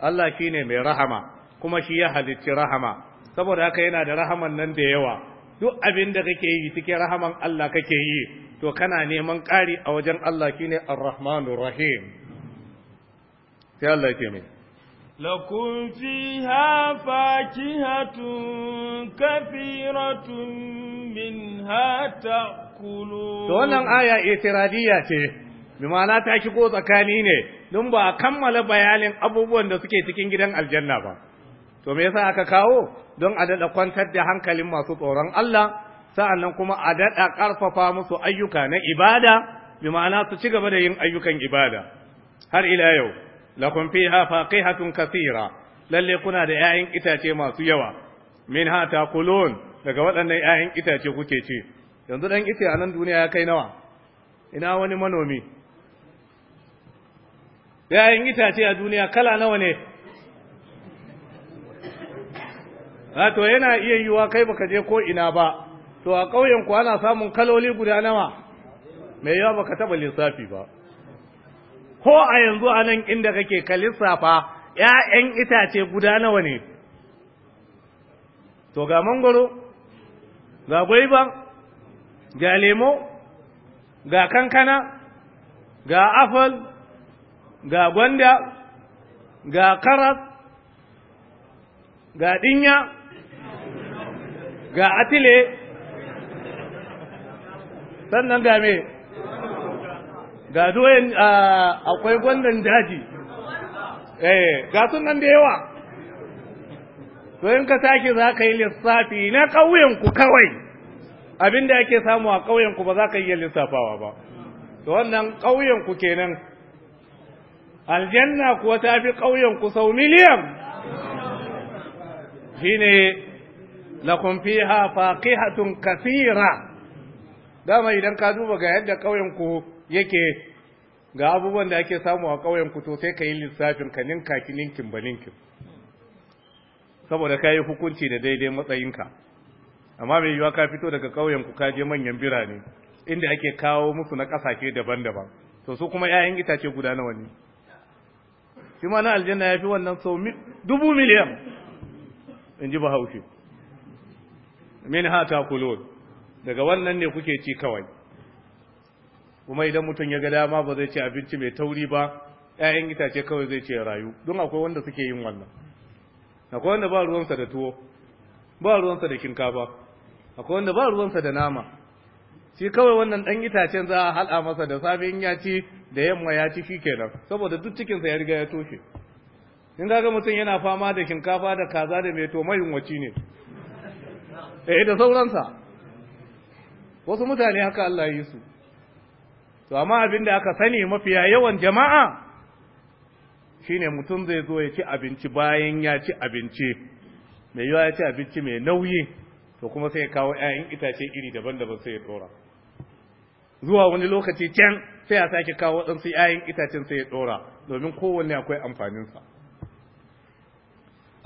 Allah shi ne mai rahama kuma shi ya halicci rahama saboda haka yana da rahaman nan da yawa duk abin da kake yi cikin rahaman Allah kake yi to kana neman ƙari a wajen Allah shi ne Ar-Rahmanur Rahim sai Allah yake mai lakum fiha fakihatun kathiratun minha ta'kulun to wannan aya itiradiyya ce ma'ana ta shigo tsakani ne don ba a kammala bayanin abubuwan da suke cikin gidan aljanna ba to me yasa aka kawo don a daɗa kwantar da hankalin masu tsoron Allah sa'annan kuma a daɗa karfafa musu ayyuka na ibada ma'ana su ci gaba da yin ayyukan ibada har ila yau lakum fiha faqihatun kathira lalle kuna da 'ya'yan itace masu yawa minha taqulun daga waɗannan 'ya'yan itace kuke ce yanzu dan itace a nan duniya ya kai nawa ina wani manomi yayin itace a duniya kala nawa ne a yana iya yiwa kai baka je ko ina ba to a ƙauyen ku ana samun kaloli guda nawa mai yawa baka taba lissafi ba ko a yanzu a nan inda kake ka lissafa ‘ya'yan itace guda nawa ne to ga mangoro ga gwaiba ga lemo ga kankana ga apple ga gwanda ga karas ga dinya ga atile sannan ga me ga doyen akwai gwandan daji eh ga sunan da yawa to ka sake za ka yi lissafi na ƙauyenku kawai abinda da ake samu a ƙauyenku ba za ka iya lissafawa ba to wannan ƙauyenku kenan aljanna kuwa ta fi ƙauyen ku sau miliyan shine lakum fiha faqihatun kafira dama idan ka duba ga yadda ƙauyen ku yake ga abubuwan da ake samu a ƙauyen ku to sai ka yi lissafin ka ninka ki ninkin ba ninkin saboda ka yi hukunci da daidai matsayinka amma mai yiwa ka fito daga ƙauyen ku ka je manyan birane inda ake kawo musu na ƙasashe daban-daban to su kuma 'ya'yan itace guda nawa ne shi ma na aljanna ya fi wannan sau dubu miliyan in ji bahaushe min ha ta daga wannan ne kuke ci kawai kuma idan mutum ya ga dama ba zai ci abinci mai tauri ba ‘ya'yan itace kawai zai ce rayu don akwai wanda suke yin wannan akwai wanda ba ruwansa da tuwo ba ruwansa da shinkafa akwai wanda ba ruwansa da nama shi kawai wannan ɗan itacen za a hal'a masa da safe in ya ci da yamma ya ci shi kenan saboda duk cikinsa ya riga ya toshe in kaga mutum yana fama da shinkafa da kaza da mai to wuci ne eh da sauransa wasu mutane haka Allah ya yi su to amma abin da aka sani mafiya yawan jama'a shine mutum zai zo ya ci abinci bayan ya ci abinci mai yawa ya ci abinci mai nauyi to kuma sai ya kawo 'ya'yan itace iri daban-daban sai ya dora zuwa wani lokaci can sai a sake kawo waɗansu ‘ya'yan itacen sai ya ɗora domin kowanne akwai amfaninsa.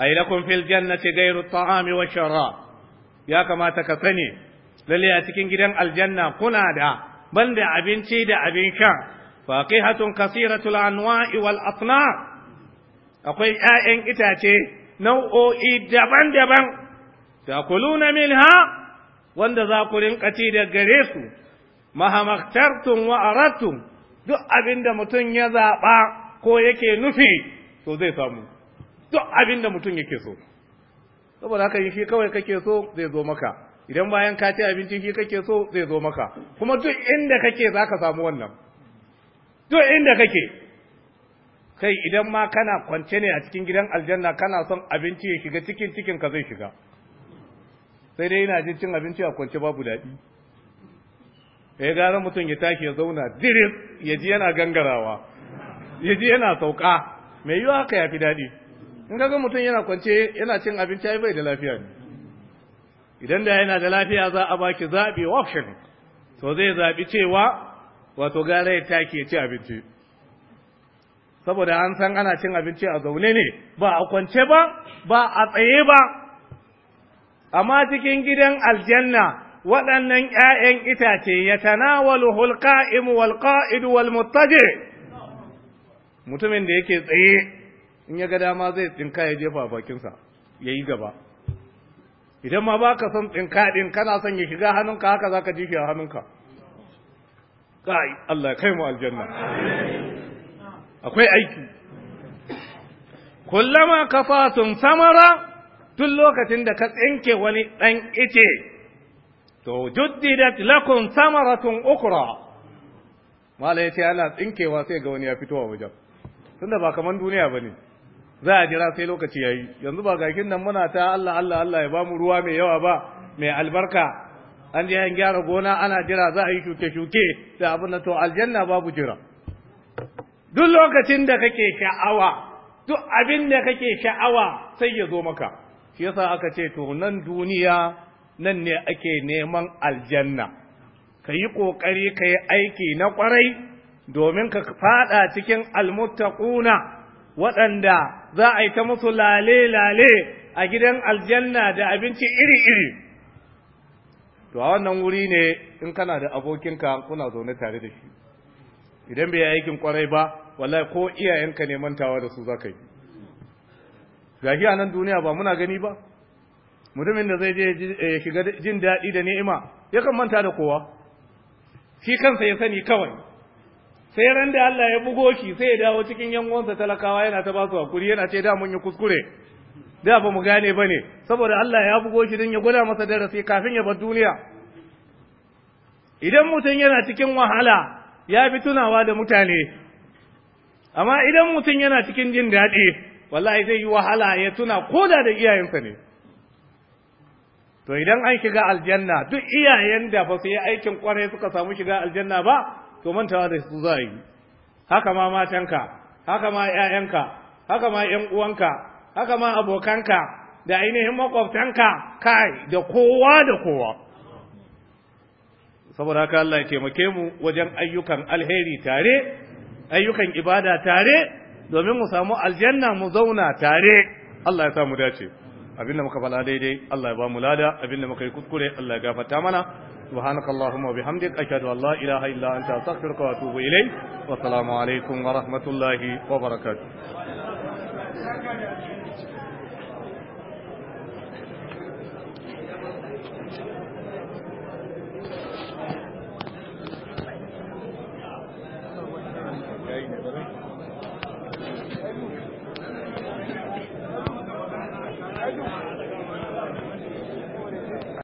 A ilakun fil jannati gairu ta'ami wa shara ya kamata ka sani lalle a cikin gidan aljanna kuna da banda abinci da abin sha faqihatun kasiratul anwa'i wal asna akwai ‘ya'yan itace nau'o'i daban-daban da kuluna minha wanda za ku rinka ci da gare su mahamaktartum wa aratum duk abinda mutum ya zaɓa ko yake nufi to zai samu duk abinda mutum yake so saboda haka shi kawai kake so zai zo maka idan bayan ka ci abinci shi kake so zai zo maka kuma duk inda kake zaka samu wannan duk inda kake kai idan ma kana kwance ne a cikin gidan aljanna kana son abinci ya shiga cikin cikin ka zai shiga sai dai ina jin cin abinci a kwance babu daɗi ya eh, gara mutum ya tashi ya zauna diris ya ji yana gangarawa ya ji yana sauka mai yiwa haka ya fi daɗi in kaga mutum yana kwance yana cin abinci ai bai da lafiya ne idan da yana da lafiya za a baki zaɓi option to zai zaɓi cewa wato gara ya take ya ci abinci saboda an san ana cin abinci a zaune ne ba a kwance ba ba a tsaye ba amma cikin gidan aljanna waɗannan ‘ya'yan itace ya tanawalu hulƙa'imu wal ƙa'idu wal mutumin da yake tsaye in ya ga dama zai tsinka ya jefa bakinsa ya yi gaba idan ma baka ka son tsinka ɗin kana son ya shiga hannunka haka za ka ji shi a hannunka kai Allah kai mu aljanna akwai aiki kullama kafatun samara tun lokacin da ka tsinke wani ɗan ice to juddidat lakum samaratun ukra mala yace ana tsinkewa sai ga wani ya fito a wajen tunda ba kaman duniya bane za a jira sai lokaci yayi yanzu ba gakin nan muna ta Allah Allah Allah ya bamu ruwa mai yawa ba mai albarka an je an gyara gona ana jira za a yi shuke shuke da abin to aljanna babu jira duk lokacin da kake sha'awa duk abin da kake sha'awa sai ya zo maka shi yasa aka ce to nan duniya nan ne ake neman aljanna ka yi ƙoƙari ka yi aiki na ƙwarai domin ka faɗa cikin almuttaquna waɗanda za a yi ta musu lale-lale a gidan aljanna da abinci iri-iri to a wannan wuri ne in kana da abokinka kuna zaune tare da shi idan bai aikin kwarai ba wallahi ko iyayenka ne mantawa da su za ka yi gashi a nan duniya ba muna gani ba mutumin da zai je eh, ya shiga jin daɗi da ni'ima yakan manta da kowa shi kansa ya sani kawai sai ran da Allah ya bugo shi sai ya dawo cikin uwansa talakawa yana ta basu hakuri yana ce da mun yi kuskure da ba mu gane ba ne saboda Allah ya bugo shi don ya gwada masa darasi kafin ya bar duniya idan mutum yana cikin wahala ya fi tunawa da mutane amma idan mutum yana cikin jin daɗi wallahi zai yi wahala ya tuna koda da iyayensa ne to idan an shiga aljanna duk iyayen da ba su yi aikin kwarai suka samu shiga aljanna ba to mantawa da su za yi haka ma matanka haka ma 'ya'yanka, haka ma ƴan uwanka haka ma abokanka da ainihin makwabtanka kai da kowa da kowa saboda haka Allah ya taimake mu wajen ayyukan alheri tare ayyukan ibada tare domin mu samu aljanna mu zauna tare Allah ya sa mu dace abinda muka faɗa daidai Allah ya ba mu lada abinda muka yi kuskure Allah ya gafarta mana subhanakallahumma wa bihamdik ashhadu an la ilaha illa anta astaghfiruka wa atubu ilayk wa assalamu alaikum wa rahmatullahi wa barakatuh